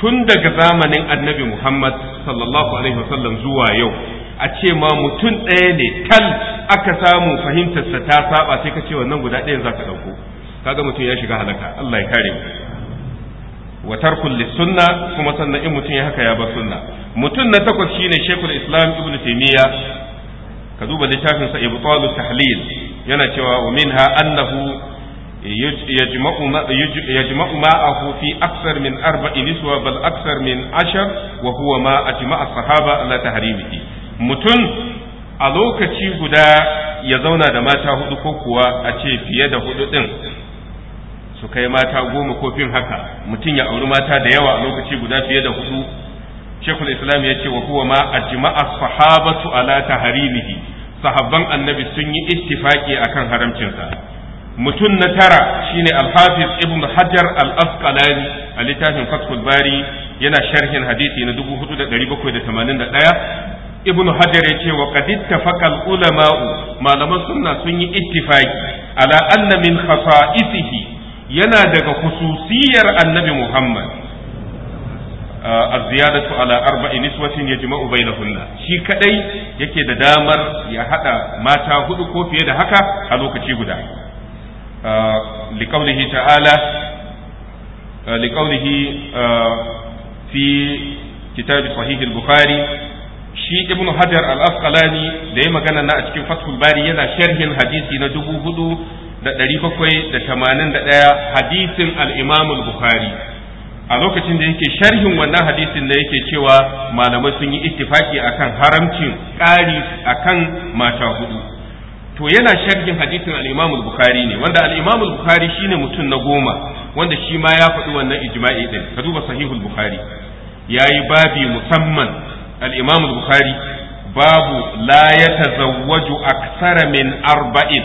tun daga zamanin annabi muhammad sallallahu alaihi wasallam zuwa yau a ce ma mutum ɗaya ne tal aka samu fahimtarsa ta saba sai ka ce wannan guda ɗayan za ka ɗauko kaga mutum ya shiga halaka Allah ya kare wa tarkul sunna kuma sannan in mutum ya haka ya bar sunna mutum na takwas shine shekul islam ibn taimiyya ka duba littafinsa ibtalu tahlil yana cewa wa minha annahu yajma'u ma'ahu fi aksar min arba'in niswa bal aksar min ashar wa huwa ma ajma'a sahaba ala tahrimihi mutum a lokaci guda ya zauna da mata hudu ko kuwa a ce fiye da hudu din su kai mata goma ko fin haka mutum ya auri mata da yawa a lokaci guda fiye da hudu shekul islam ya ce wa huwa ma jima'a sahabatu ala taharimihi sahabban annabi sun yi ittifaki akan haramcinsa mutum na tara shine alhafiz hafiz ibn hajar al-asqalani a littafin fathul bari yana sharhin hadisi na 4781 ibn hajar ya ce wa qad ittafaqa al-ulama'u malaman sunna sun yi ittifaki ala anna min khasa'isihi yana daga khususiyar annabi muhammad az-ziyadatu ala arba'i niswatin yajma'u bainahunna shi kadai yake da damar ya hada mata hudu ko fiye da haka a lokaci guda liqaulihi ta'ala liqaulihi fi kitab sahih al-bukhari shi ibnu hajar al-asqalani da ya magana na a cikin fathul bari yana sharhin hadisi na dubu hudu da ɗari da tamanin da ɗaya hadisin al-imam al-bukhari a lokacin da yake sharhin wannan hadisin da yake cewa malamai sun yi ittifaki akan haramcin ƙari akan mata hudu to yana sharhin hadisin al-Imam al-Bukhari ne wanda al-Imam al-Bukhari shine mutum na goma wanda shi ma ya faɗi wannan ijma'i din ka duba sahihul Bukhari yayi babi musamman al-Imam al-Bukhari babu la yatazawwaju aksara min arba'in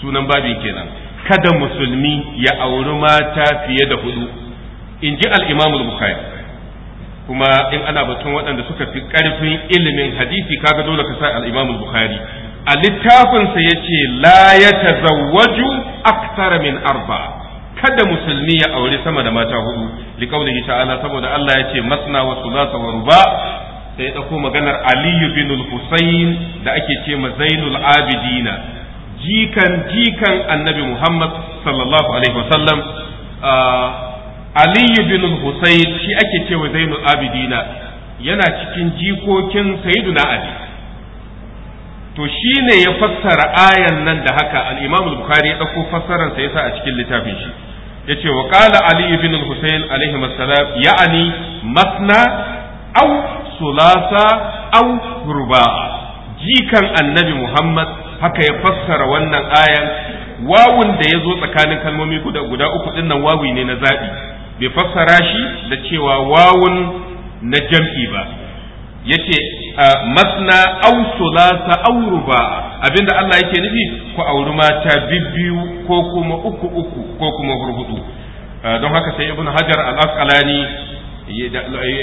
sunan babin kenan kada musulmi ya auri mata fiye da hudu in ji al'imamul bukhari kuma in ana batun waɗanda suka fi ƙarfin ilimin hadisi kaga dole ka sa al'imamul bukhari a littafinsa ya ce la ya tazawwaju aktara min arba kada musulmi ya aure sama da mata hudu liqaulihi ta'ala saboda Allah ya ce masna wa thulatha wa ruba sai ya maganar Aliyu bin al da ake ce ma Zainul Abidina jikan jikan Annabi Muhammad sallallahu alaihi wasallam ah, aliyu bin husayn shi ake cewa zainul abidina yana cikin jikokin sayyiduna ali to shi ne ya fassara ayan nan da haka al-imam bukhari ya dauko fassarar sa yasa a cikin littafin shi yace wa qala ali bin husayn alayhi assalam ya'ani masna aw sulasa aw ruba jikan annabi muhammad haka ya fassara wannan ayan wawun da yazo tsakanin kalmomi guda guda uku dinnan wawi ne na zabi bai fassara shi da cewa wawun na jam'i ba yace masna aw ta auru ba. abinda Allah yake nufi ku auri mata bibbiyu ko kuma uku uku ko kuma hurhudu don haka sai ibn hajar al-asqalani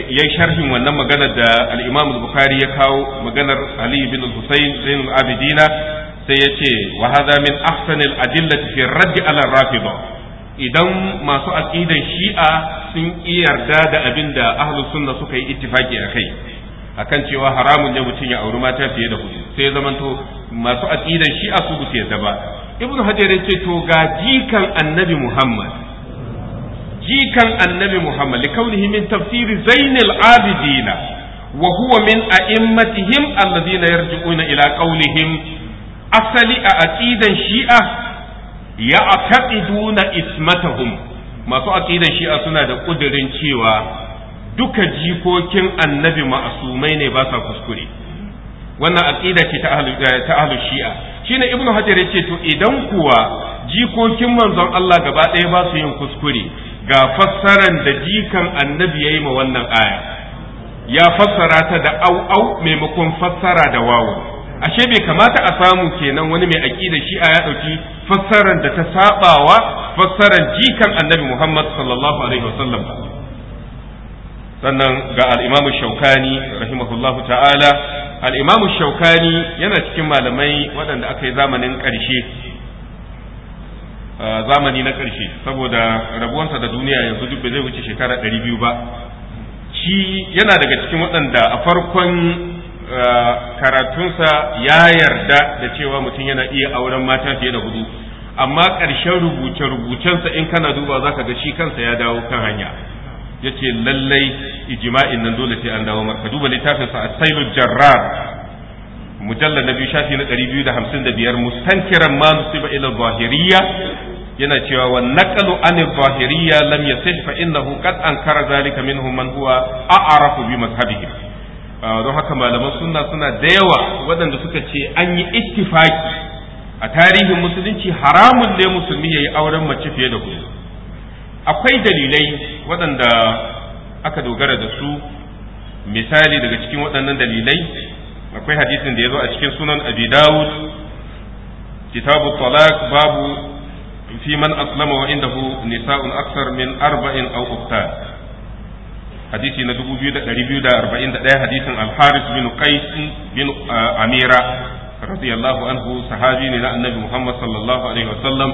ya sharhin wannan maganar da al-imam al-bukhari ya kawo maganar ali bin al-husayn zainul abidina sai ya ce wa hadha min ahsanil adillati fi radd ala rafida idan masu aqidan shi'a sun yarda da abin da ahlus sunna suka yi ittifaki akai akan cewa haramun ne mutum ya auri mata fiye da hudu sai zamanto masu aqidan shi'a su su yarda ba ibnu hajar yake to ga jikan annabi muhammad jikan annabi muhammad kaunihi min tafsiri zainul abidina wa huwa min a'immatihim alladhina yarji'una ila qawlihim asali a aqidan shi'a ya aqiduna ismatahum masu aqidan shi'a suna da kudirin cewa duka jikokin annabi ma'asumai ne ba sa kuskure wannan aqida ce ta ahlus eh, shi'a shine ibnu hajar yace to idan kuwa jikokin manzon Allah gaba ɗaya ba su yin kuskure ga fassaran da jikan annabi yayi ma wannan aya ya fassara ta da au au maimakon fassara da wawu ashe bai kamata a samu kenan wani mai aƙida a ya ɗauki fassarar da ta saɓawa fassarar jikan annabi Muhammad sallallahu alaihi wasallam sannan ga al-Imam Shaukani rahimahullahu ta'ala al Shaukani yana cikin malamai waɗanda aka yi zamanin ƙarshe zamani na ƙarshe saboda rabuwarsa da duniya yanzu duk zai wuce shekara 200 ba shi yana daga cikin waɗanda a farkon Eh, karatunsa ya yarda da cewa mutum yana iya auren mata fiye da hudu amma ƙarshen rubuce-rubucensa in kana duba za ka ga shi kansa ya dawo kan hanya ya ce lallai ijima'in nan dole sai an dawo marka duba littafinsa a sailu jarrar mujallar na biyu shafi na ɗari biyu da hamsin da biyar mustankiran ma nusiba ila zahiriya yana cewa wa naqalu an zahiriya lam yasih fa innahu qad ankara zalika minhum man huwa a'rafu bi mazhabihim Ah, don haka malaman sunna suna da yawa waɗanda suka ce an yi ittifaki a tarihin musulunci haramun ne musulmi ya yi auren mace fiye da hudu akwai dalilai waɗanda aka dogara da su misali daga cikin waɗannan dalilai akwai hadisin da ya zo a cikin sunan abi dawud kitabu talak babu fi man aslama wa indahu nisa'un aksar min arba'in aw uktar hadisi na 2241 hadisin al-Haris bin Qais bin uh, Amira radiyallahu anhu sahabi ne na Annabi Muhammad sallallahu alaihi wasallam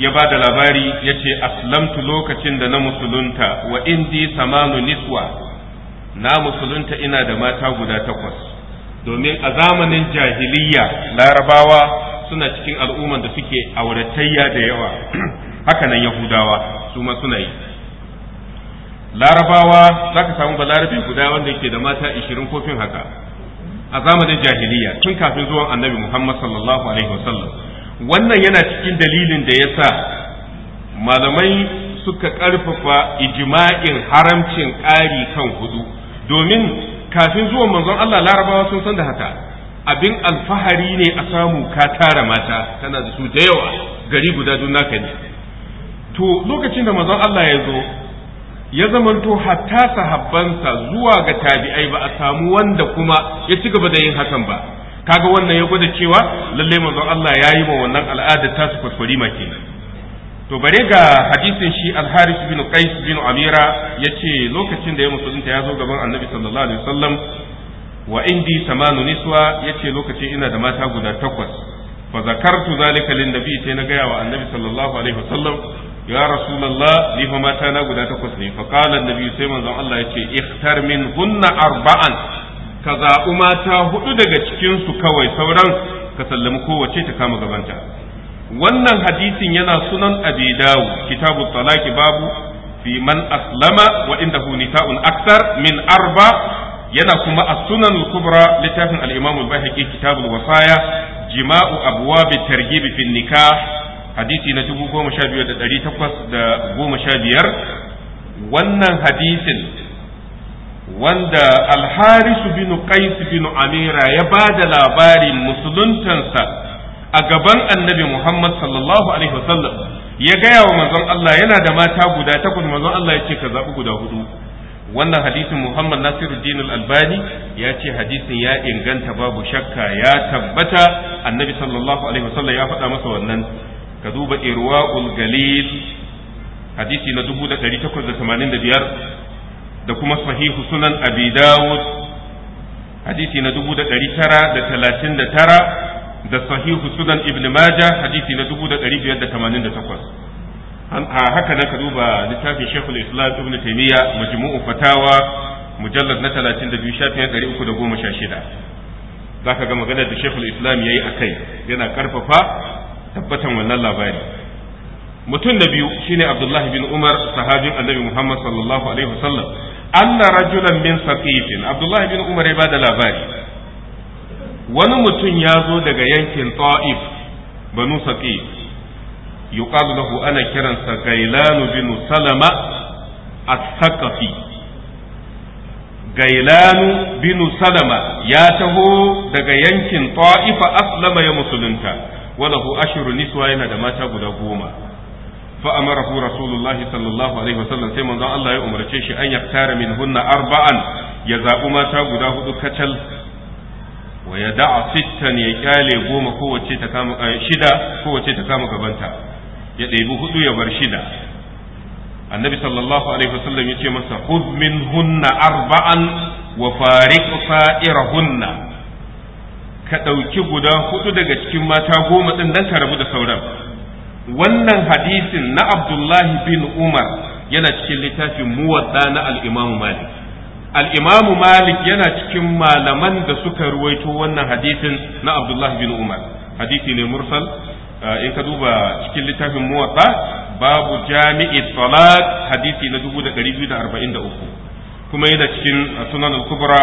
ya ba da labari ya ce aslamtu lokacin da na musulunta wa indi samanu niswa na musulunta ina da mata guda takwas domin a zamanin jahiliya larabawa suna cikin al'umman da suke auratayya da yawa hakanan yahudawa su ma suna yi larabawa za ka samu balarabe guda wanda yake da mata ishirin kofin haka a zamanin jahiliya tun kafin zuwan annabi muhammad sallallahu alaihi wasallam wannan yana cikin dalilin da ya sa malamai suka karfafa ijima'in haramcin ƙari kan hudu domin kafin zuwan manzon allah larabawa sun san da haka abin alfahari ne a samu ka tara mata tana da su da yawa gari guda dun naka ne to lokacin da manzon allah ya zo ya zamanto hatta sahabbansa zuwa ga tabi'ai ba a samu wanda kuma ya ci gaba da yin hakan ba kaga wannan ya gwada cewa lalle manzon Allah ya yi ma wannan al'adar ta su kwaskwari ma kenan to bare ga hadisin shi al harith bin Qais bin Amira yace lokacin da ya musulunta ya zo gaban Annabi sallallahu alaihi wasallam wa indi samanu niswa yace lokacin ina da mata guda takwas fa zakartu zalika lin nabi sai na gaya wa Annabi sallallahu alaihi wasallam ya rasulullah ni fa mata na guda takwas ne fa qala annabi sai manzon Allah yace ikhtar min hunna arba'an ka zaɓi mata hudu daga cikin su kawai sauran ka sallami kowace ta kama gabanta wannan hadisin yana sunan abi dawud kitabu babu fi man aslama wa indahu nisa'un akthar min arba yana kuma as-sunan al-kubra littafin al-imam al-baihaqi kitabul wasaya jima'u abwab at-targhib fi nikah hadisi na dubu goma sha biyu da ɗari takwas da goma sha biyar wannan hadisin wanda alharisu bin qais bin amira ya ba da labarin musuluntansa a gaban annabi muhammad sallallahu alaihi wasallam ya gaya wa manzon Allah yana da mata guda takwas manzon Allah ya ce ka zaɓi guda hudu wannan hadisin Muhammad Nasiruddin Al-Albani ya ce hadisin ya inganta babu shakka ya tabbata Annabi sallallahu alaihi wasallam ya faɗa masa wannan ka duba irwa'ul galil hadisi na 1885 da kuma sahihu sunan abi dawud hadisi na 1939 da sahihu sunan ibn majah hadisi na 1588 haka na ka duba littafin shekul islam ibn taimiyya majmu'u fatawa mujallar na 32 shafin 316 zaka ga maganar da shekul islam ya yi a kai, yana karfafa tabbatan wannan labari mutum da biyu shine abdullahi bin umar sahabin annabi muhammad sallallahu alaihi wasallam anna rajulan min saqifin abdullahi bin umar ya bada labari wani mutum ya zo daga yankin ta'if banu saqif yuqalu lahu ana kiransa gailan bin salama as-saqafi gailanu bin salama ya taho daga yankin ta'ifa aslama ya musulunta walahu ashiru niswa yana da mata guda goma fa amarahu rasulullahi sallallahu alaihi wasallam sai manzon Allah ya umarce shi an yaktara min hunna arba'an ya zaɓi mata guda hudu kacal wa ya da'a sittan ya ƙyale goma kowace ta kama eh, shida kowace ta kama gabanta ya ɗebi hudu ya bar shida annabi sallallahu alaihi wasallam ya ce masa khudh min hunna arba'an wa fariq hunna. ka ɗauki guda hudu daga cikin mata goma ɗin don ka rabu da sauran wannan hadisin na abdullahi bin umar yana cikin littafin muwadda na al'imamu malik al'imamu malik yana cikin malaman da suka ruwaito wannan hadisin na abdullahi bin umar hadisi ne mursal eh, in ka duba cikin littafin muwadda babu jami'i talak hadisi na 2243 kuma yana cikin sunan al-kubra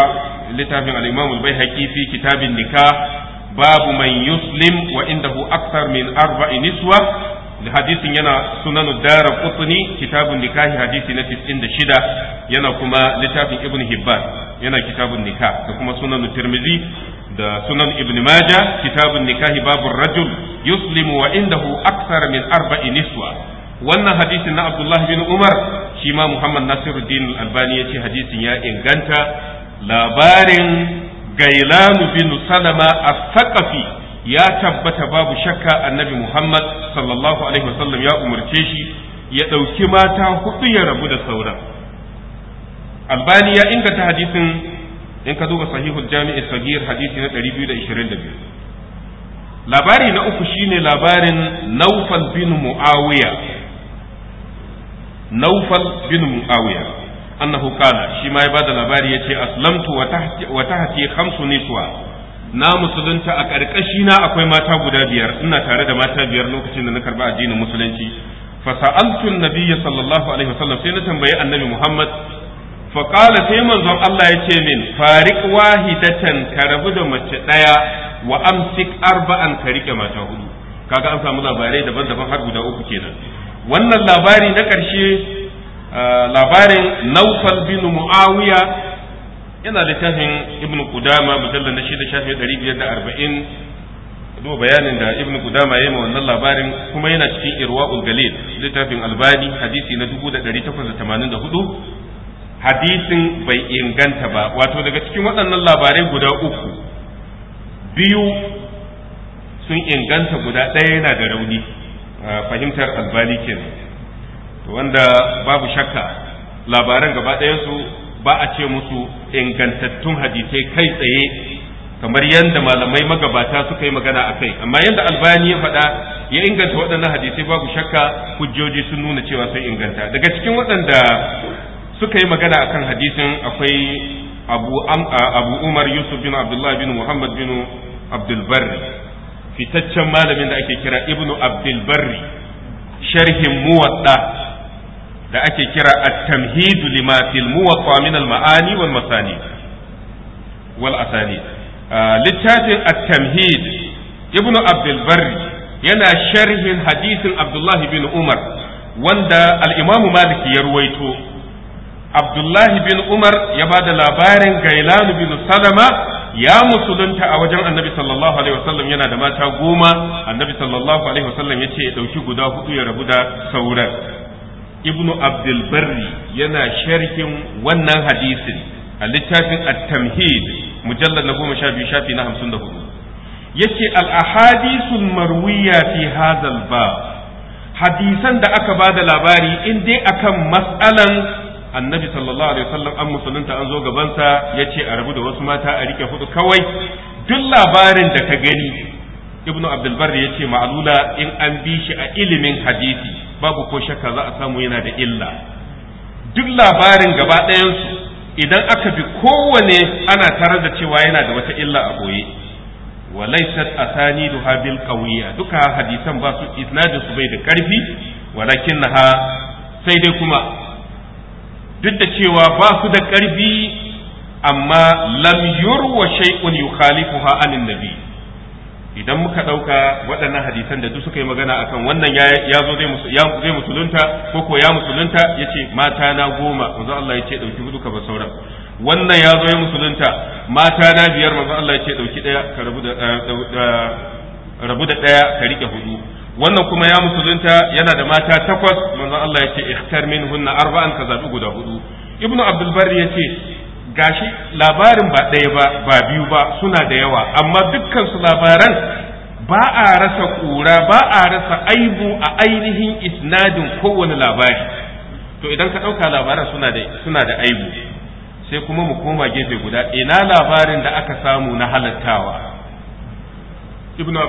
littafin al-imam al-baihaqi fi kitabin nikah babu man yuslim wa indahu akthar min arba'i niswa hadisin yana sunan ad qutni kitabun nikahi hadisi na 96 yana kuma littafin ibn hibban yana kitabun nikah da kuma sunan tirmizi da sunan ibn majah kitabun nikahi babu rajul yuslimu wa indahu akthar min arba'i niswa wannan hadisin na abdullahi bin umar shi ma muhammad nasiruddin albani ya ce hadisin ya inganta labarin gailanu bin salama a sakafi ya tabbata babu shakka annabi muhammad sallallahu alaihi wasallam ya umarce shi ya ɗauki mata hudu ya rabu da sauran albani ya inganta hadisin in ka duba sahihul jami'i sagir hadisi na 222 labari na uku shine labarin naufal bin muawiya naufal bin muawiya annahu qala shi ma ya bada labari ce aslamtu wa tahti khamsu niswa na musulunta a ƙarƙashi na akwai mata guda biyar ina tare da mata biyar lokacin da na karba addinin musulunci fa sa'altu sallallahu alaihi wasallam sai na tambayi annabi muhammad fa qala sai manzon Allah yace min fariq wahidatan ka rabu da mace daya wa amsik arba'an ka rike mata hudu kaga an samu labarai daban-daban har guda uku kenan wannan labari na ƙarshe labarin naufal bin mu'awiya yana littafin ibn kudama mujallar na shida shafi ɗari biyar da arba'in do bayanin da ibn kudama ya yi wannan labarin kuma yana cikin irwa galil littafin albani hadisi na dubu da ɗari takwas da tamanin da hudu hadisin bai inganta ba wato daga cikin waɗannan labarai guda uku biyu sun inganta guda ɗaya yana da rauni Ah, fahimtar albali kenan to wanda babu shakka labaran gaba su ba a ce musu ingantattun hadisai kai tsaye kamar yadda malamai magabata suka yi magana a kai amma yadda albani ya faɗa ya inganta waɗannan hadisai babu shakka hujjoji sun nuna cewa sun inganta daga cikin waɗanda suka yi magana a kan hadisin akwai abu ah, umar yusuf bin abdullahi bin muhammad bin abdulbar fitaccen malamin da ake kira ibnu abdul barri sharhin muwadda da ake kira at-tamhidu lima fil muwatta min al-ma'ani wal masani wal asani ah, littafin at-tamhid ibnu abdul yana sharhin hadisin abdullahi bin umar wanda al-imamu maliki ya ruwaito abdullahi bin umar ya ba da labarin gailanu bin salama ya musulunta a wajen annabi sallallahu alaihi wasallam yana da mata goma annabi sallallahu alaihi wasallam ya ce ya ɗauki guda hudu ya rabu da sauran ibnu abdulbarri yana sharhin wannan hadisin a littafin at-tamhid mujallad na goma sha biyu shafi na hamsin da hudu yace al ahadisun marwiya fi hadal ba. hadisan da aka ba da labari in dai akan mas'alan annabi sallallahu alaihi wasallam an musulunta an zo gabansa ya ce a rabu da wasu mata a rike hudu kawai duk labarin da ka gani ibnu abdulbar ya ce ma'alula in an bi shi a ilimin hadisi babu ko shakka za a samu yana da illa duk labarin gaba ɗayansu idan aka bi kowane ana tare da cewa yana da wata illa a boye walaisat asani asaniduha bil qawiyya duka hadisan ba su isnadin su bai da karfi ha sai dai kuma duk da cewa ba su da ƙarfi amma lam yurwa shay'un yukhalifuha anin nabi idan muka ɗauka waɗannan hadisan da duk suka yi magana akan wannan ya zo zai musulunta ko ko ya musulunta ya ce mata na goma manzo Allah yace dauki ɗauki hudu ka ba sauran wannan ya zo ya musulunta mata na biyar manzo Allah yace dauki ɗauki ɗaya ka rabu da eh, eh, rabu da ɗaya ka riƙe hudu wannan kuma ya musulunta yana da mata takwas manzon Allah ya ce ikhtar hunna arba'an ka zabi guda hudu ibnu abdul barri ya ce gashi labarin ba ɗaya ba ba biyu ba suna da yawa amma dukkan su labaran ba a rasa kura ba a rasa aibu a ainihin isnadin kowane labari to idan ka ɗauka labaran suna da suna da aibu sai kuma mu koma gefe guda ina labarin da aka samu na halattawa ibnu